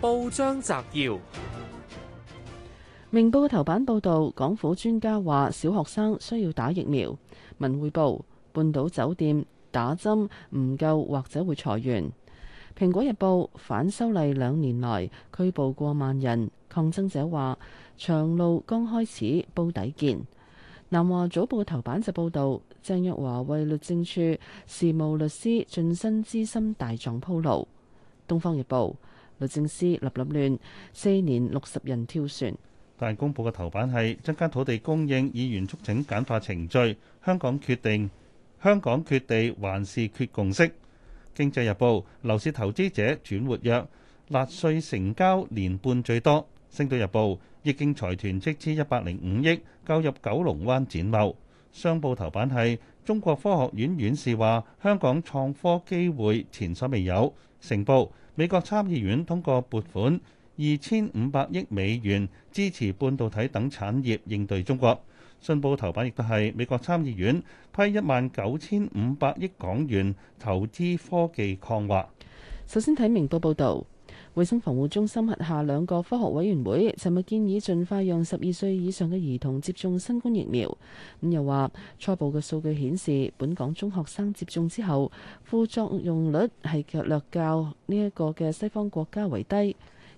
報章摘要：明報頭版報道，港府專家話小學生需要打疫苗。文匯報，半島酒店打針唔夠，夠或者會裁員。蘋果日報，反修例兩年來拘捕過萬人，抗爭者話長路剛開始，煲底見。南華早報頭版就報道，鄭若驊為律政處事務律師晉身資深大狀鋪路。東方日報。律政司立立亂，四年六十人跳船。大公報嘅頭版係增加土地供應，議員促請簡化程序。香港決定，香港缺地還是缺共識。經濟日報，樓市投資者轉活躍，辣稅成交年半最多。星島日報，億京財團斥資一百零五億購入九龍灣展貿。商報頭版係中國科學院院士話，香港創科機會前所未有。成報。美國參議院通過撥款二千五百億美元支持半導體等產業應對中國。信報頭版亦都係美國參議院批一萬九千五百億港元投資科技抗華。首先睇明報報導。衛生防護中心轄下兩個科學委員會尋日建議盡快讓十二歲以上嘅兒童接種新冠疫苗。咁又話，初步嘅數據顯示，本港中學生接種之後，副作用率係略略較呢一個嘅西方國家為低。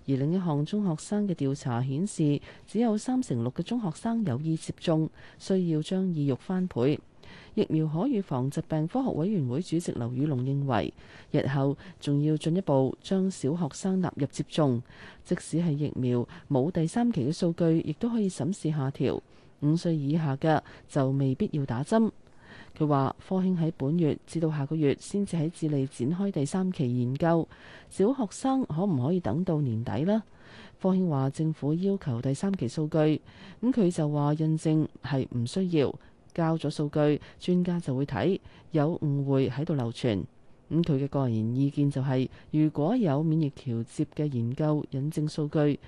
而另一項中學生嘅調查顯示，只有三成六嘅中學生有意接種，需要將意欲翻倍。疫苗可預防疾病科學委員會主席劉宇龍認為，日後仲要進一步將小學生納入接種，即使係疫苗冇第三期嘅數據，亦都可以審視下調。五歲以下嘅就未必要打針。佢話：科興喺本月至到下個月先至喺智利展開第三期研究，小學生可唔可以等到年底呢？科興話政府要求第三期數據，咁佢就話印證係唔需要。交咗數據，專家就會睇，有誤會喺度流傳。咁佢嘅個人意見就係、是，如果有免疫橋接嘅研究引證數據，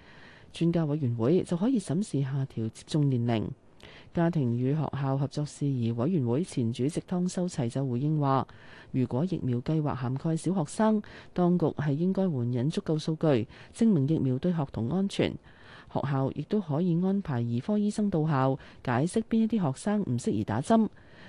專家委員會就可以審視下調接種年齡。家庭與學校合作事宜委員會前主席湯修齊就回應話：如果疫苗計劃涵蓋小學生，當局係應該援引足夠數據，證明疫苗對學童安全。學校亦都可以安排兒科醫生到校解釋，邊一啲學生唔適宜打針。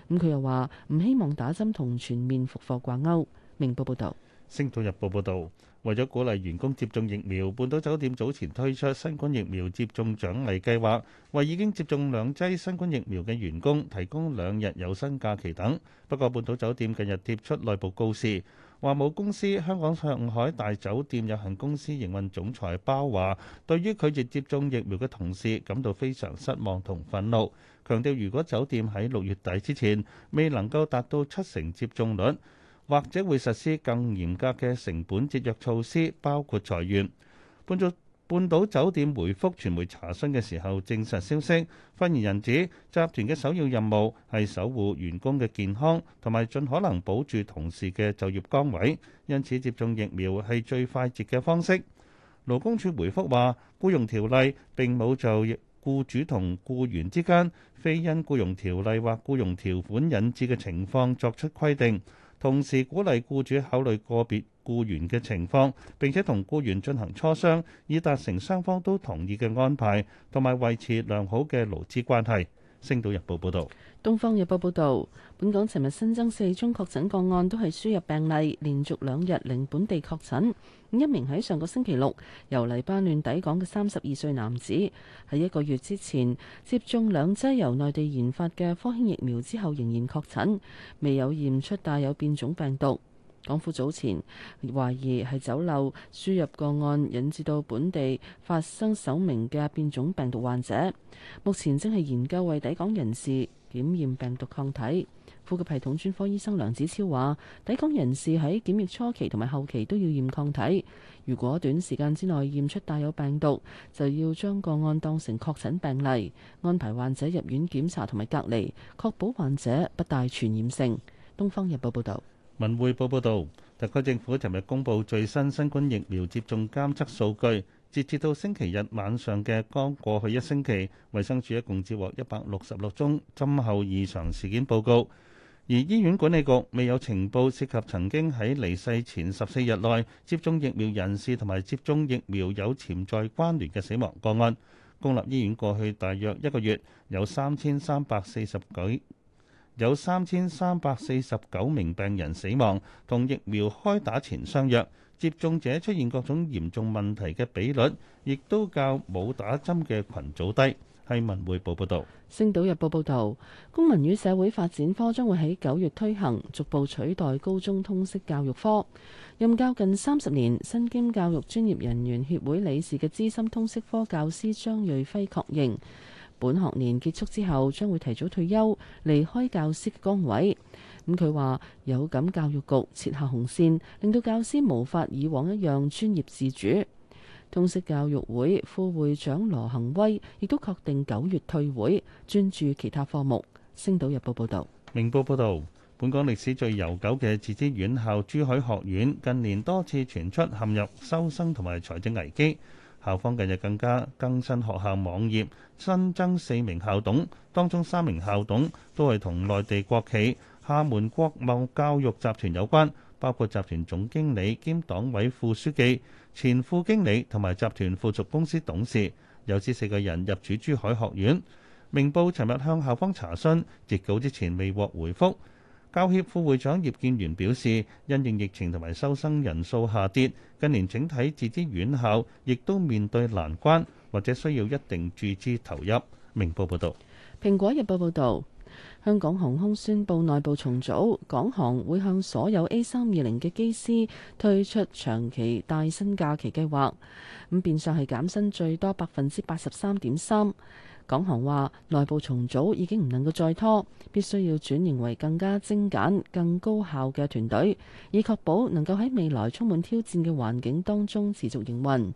咁佢又話唔希望打針同全面復課掛鈎。明報報道，《星島日報》報道：為咗鼓勵員工接種疫苗，半島酒店早前推出新冠疫苗接種獎勵計劃，為已經接種兩劑新冠疫苗嘅員工提供兩日有薪假期等。不過，半島酒店近日貼出內部告示。華武公司香港上海大酒店有限公司營運總裁包話，對於拒絕接種疫苗嘅同事感到非常失望同憤怒，強調如果酒店喺六月底之前未能夠達到七成接種率，或者會實施更嚴格嘅成本節約措施，包括裁員。潘卓。半島酒店回覆傳媒查詢嘅時候，證實消息。發言人指集團嘅首要任務係守護員工嘅健康，同埋盡可能保住同事嘅就業崗位，因此接種疫苗係最快捷嘅方式。勞工處回覆話，僱傭條例並冇就僱主同僱員之間非因僱傭條例或僱傭條款引致嘅情況作出規定，同時鼓勵僱主考慮個別僱員嘅情況，並且同僱員進行磋商，以達成雙方都同意嘅安排，同埋維持良好嘅勞資關係。星島日報報道，東方日報報道，本港尋日新增四宗確診個案，都係輸入病例，連續兩日零本地確診。一名喺上個星期六由黎巴嫩抵港嘅三十二歲男子，喺一個月之前接種兩劑由內地研發嘅科興疫苗之後，仍然確診，未有驗出帶有變種病毒。港府早前懷疑係走漏輸入個案，引致到本地發生首名嘅變種病毒患者。目前正係研究為抵港人士檢驗病毒抗體。呼吸系統專科醫生梁子超話，抵港人士喺檢疫初期同埋後期都要驗抗體。如果短時間之內驗出帶有病毒，就要將個案當成確診病例，安排患者入院檢查同埋隔離，確保患者不帶傳染性。《東方日報》報道。文匯報報道，特區政府尋日公布最新新冠疫苗接種監測數據，截至到星期日晚上嘅剛過去一星期，衛生署一共接獲一百六十六宗針後異常事件報告，而醫院管理局未有情報涉及曾經喺離世前十四日內接種疫苗人士同埋接種疫苗有潛在關聯嘅死亡個案。公立醫院過去大約一個月有三千三百四十九。有三千三百四十九名病人死亡，同疫苗開打前相若，接種者出現各種嚴重問題嘅比率，亦都較冇打針嘅群組低。係文匯報報道。星島日報報道，公民與社會發展科將會喺九月推行，逐步取代高中通識教育科。任教近三十年、身兼教育專業人員協會理事嘅資深通識科教師張瑞輝確認。本學年結束之後，將會提早退休，離開教師嘅崗位。咁佢話有感教育局設下紅線，令到教師無法以往一樣專業自主。通識教育會副會長羅恒威亦都確定九月退會，專注其他科目。星島日報報道。明報報道，本港歷史最悠久嘅自資院校珠海學院近年多次傳出陷入收生同埋財政危機。校方近日更加更新學校網頁，新增四名校董，當中三名校董都係同內地國企廈門國貿教育集團有關，包括集團總經理兼黨委副書記、前副經理同埋集團附屬公司董事。有指四個人入主珠海學院。明報尋日向校方查詢，截稿之前未獲回覆教協副會長葉建源表示，因應疫情同埋收生人數下跌，近年整體自資院校亦都面對難關，或者需要一定注資投入。明報報道。蘋果日報報道，香港航空宣布內部重組，港航會向所有 A320 嘅機師推出長期帶薪假期計劃，咁變相係減薪最多百分之八十三點三。港航話內部重組已經唔能夠再拖，必須要轉型為更加精簡、更高效嘅團隊，以確保能夠喺未來充滿挑戰嘅環境當中持續營運。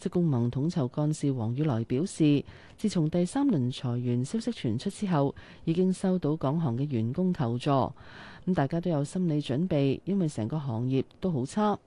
職工盟統籌幹事黃宇來表示，自從第三輪裁員消息傳出之後，已經收到港航嘅員工求助，咁大家都有心理準備，因為成個行業都好差。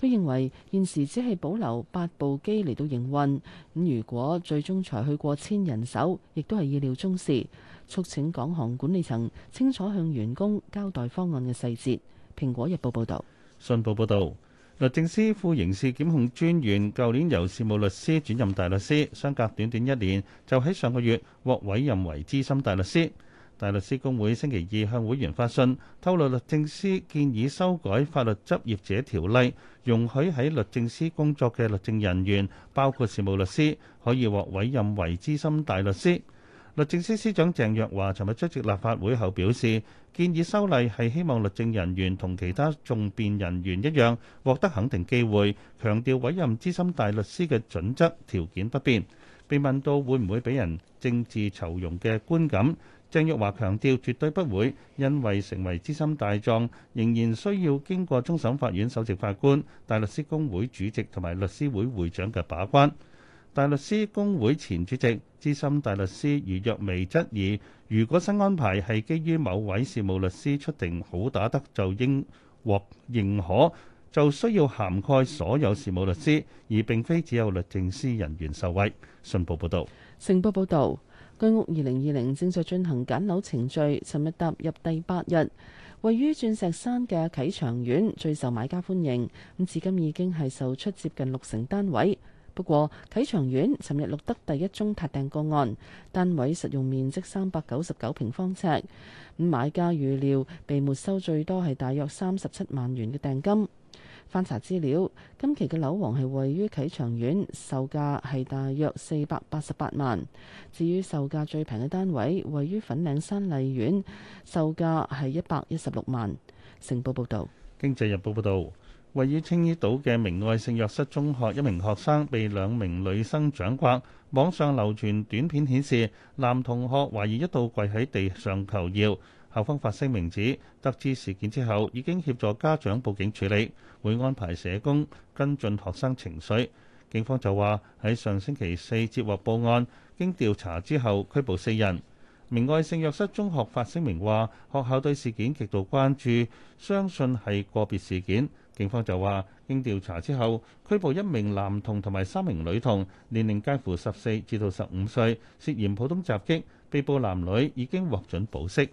佢認為現時只係保留八部機嚟到營運，咁如果最終裁去過千人手，亦都係意料中事。促請港航管理層清楚向員工交代方案嘅細節。《蘋果日報》報道。《信報》報道，律政司副刑事檢控專員，舊年由事務律師轉任大律師，相隔短短一年就喺上個月獲委任為資深大律師。大律師公會星期二向會員發信，透露律政司建議修改法律執業者條例，容許喺律政司工作嘅律政人員，包括事務律師，可以獲委任為資深大律師。律政司司長鄭若驊尋日出席立法會後表示，建議修例係希望律政人員同其他訟辯人員一樣獲得肯定機會，強調委任資深大律師嘅準則條件不變。被問到會唔會俾人政治酬庸嘅觀感？鄭玉華強調，絕對不會因為成為資深大狀，仍然需要經過終審法院首席法官、大律師公會主席同埋律師會會長嘅把關。大律師公會前主席資深大律師余若薇質疑，如果新安排係基於某位事務律師出庭好打得就應獲認可，就需要涵蓋所有事務律師，而並非只有律政司人員受惠。信報報道。成報報導。居屋二零二零正在進行揀樓程序，尋日踏入第八日。位於鑽石山嘅啟祥苑最受買家歡迎，咁至今已經係售出接近六成單位。不過，啟祥苑尋日錄得第一宗撻訂個案，單位實用面積三百九十九平方尺，咁買家預料被沒收最多係大約三十七萬元嘅訂金。翻查資料，今期嘅樓王係位於啟祥苑，售價係大約四百八十八萬。至於售價最平嘅單位，位於粉嶺山麗苑，售價係一百一十六萬。成報報導，經濟日報報導，位於青衣島嘅明愛聖若瑟中學一名學生被兩名女生掌摑，網上流傳短片顯示男同學懷疑一度跪喺地上求饒。校方發聲明指，得知事件之後已經協助家長報警處理，會安排社工跟進學生情緒。警方就話喺上星期四接獲報案，經調查之後拘捕四人。明愛聖若瑟中學發聲明話，學校對事件極度關注，相信係個別事件。警方就話，經調查之後拘捕一名男童同埋三名女童，年齡介乎十四至到十五歲，涉嫌普通襲擊。被捕男女已經獲准保釋。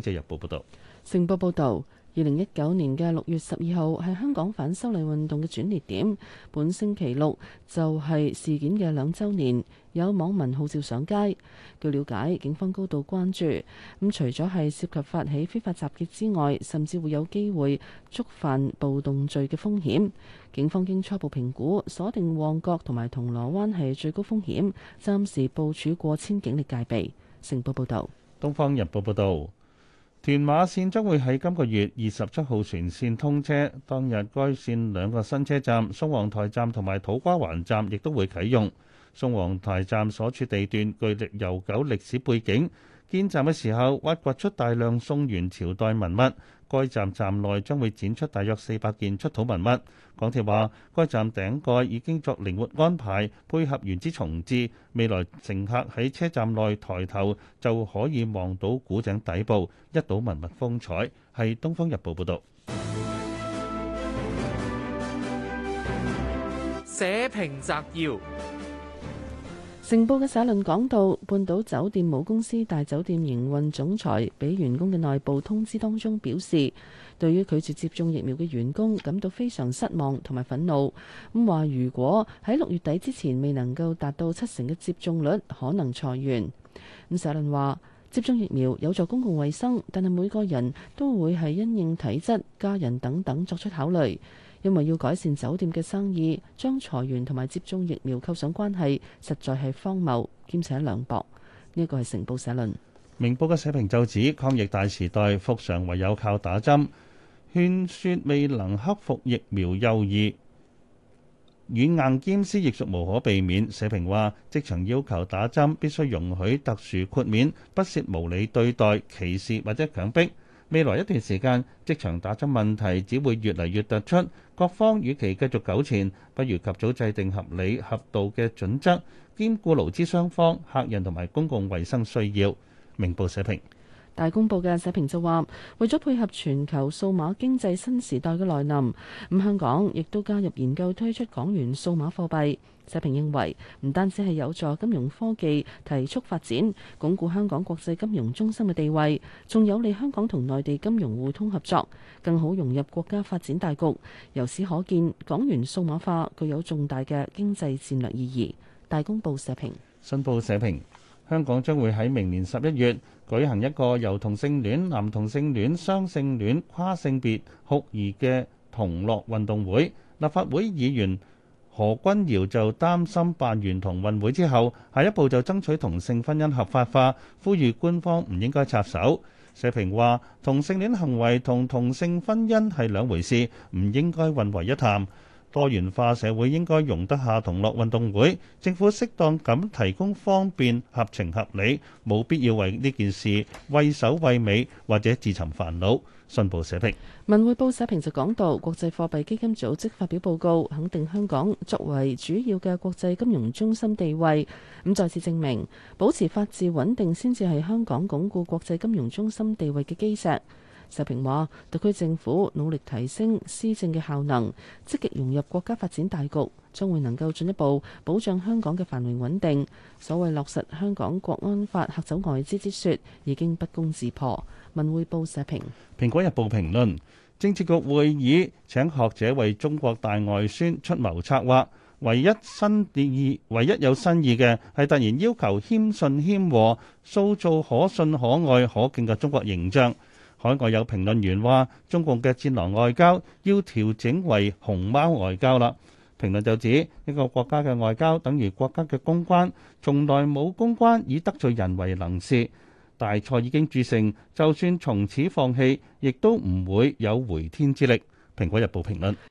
《經濟日報，報道》報導，《成報》報導，二零一九年嘅六月十二號係香港反修例運動嘅轉捩點。本星期六就係事件嘅兩週年，有網民號召上街。據了解，警方高度關注咁、嗯，除咗係涉及發起非法集結之外，甚至會有機會觸犯暴動罪嘅風險。警方經初步評估，鎖定旺角同埋銅鑼灣係最高風險，暫時部署過千警力戒備。報報《成報》報導，《東方日報，報道》報導。屯馬線將會喺今個月二十七號全線通車，當日該線兩個新車站——宋皇臺站同埋土瓜灣站，亦都會啟用。宋皇臺站所處地段具有悠久歷史背景。建站嘅時候，挖掘出大量宋元朝代文物。該站站內將會展出大約四百件出土文物。港鐵話：該站頂蓋已經作靈活安排，配合原址重置，未來乘客喺車站內抬頭就可以望到古井底部，一睹文物風采。係《東方日報》報道。社評摘要。成報嘅社論講到，半島酒店母公司大酒店營運總裁俾員工嘅內部通知當中表示，對於拒絕接種疫苗嘅員工感到非常失望同埋憤怒。咁話如果喺六月底之前未能夠達到七成嘅接種率，可能裁員。咁社論話，接種疫苗有助公共衛生，但係每個人都會係因應體質、家人等等作出考慮。因為要改善酒店嘅生意，將裁員同埋接種疫苗勾上關係，實在係荒謬兼且兩薄。呢個係《成報》社論，《明報》嘅社評就指抗疫大時代復常唯有靠打針，勸説未能克服疫苗猶疑，軟硬兼施亦屬無可避免。社評話：職場要求打針必須容許特殊豁免，不設無理對待、歧視或者強迫。未來一段時間，職場打針問題只會越嚟越突出。各方與其繼續糾纏，不如及早制定合理合度嘅準則，兼顧勞資雙方、客人同埋公共衛生需要。明報社評。大公報嘅社評就話：為咗配合全球數碼經濟新時代嘅來臨，咁香港亦都加入研究推出港元數碼貨幣。社評認為，唔單止係有助金融科技提速發展，鞏固香港國際金融中心嘅地位，仲有利香港同內地金融互通合作，更好融入國家發展大局。由此可見，港元數碼化具有重大嘅經濟戰略意義。大公報社評，信報社評。香港將會喺明年十一月舉行一個由同性戀、男同性戀、雙性戀、跨性別、酷兒嘅同樂運動會。立法會議員何君堯就擔心辦完同運會之後，下一步就爭取同性婚姻合法化，呼籲官方唔應該插手。社評話：同性戀行為同同性婚姻係兩回事，唔應該混為一談。多元化社會應該容得下同樂運動會，政府適當咁提供方便，合情合理，冇必要為呢件事畏首畏尾或者自尋煩惱。信報社評文匯報社評就講到：國際貨幣基金組織發表報告，肯定香港作為主要嘅國際金融中心地位，咁再次證明保持法治穩定先至係香港鞏固國際金融中心地位嘅基石。社評話，特區政府努力提升施政嘅效能，積極融入國家發展大局，將會能夠進一步保障香港嘅繁榮穩定。所謂落實香港國安法嚇走外資之説已經不攻自破。文匯報社評，《蘋果日報》評論，政治局會議請學者為中國大外宣出謀策劃，唯一新意、唯一有新意嘅係突然要求謙遜謙和，塑造可信、可愛、可敬嘅中國形象。海外有評論員話：中共嘅戰狼外交要調整為熊貓外交啦。評論就指一個國家嘅外交等於國家嘅公關，從來冇公關以得罪人為能事。大錯已經鑄成，就算從此放棄，亦都唔會有回天之力。《蘋果日報》評論。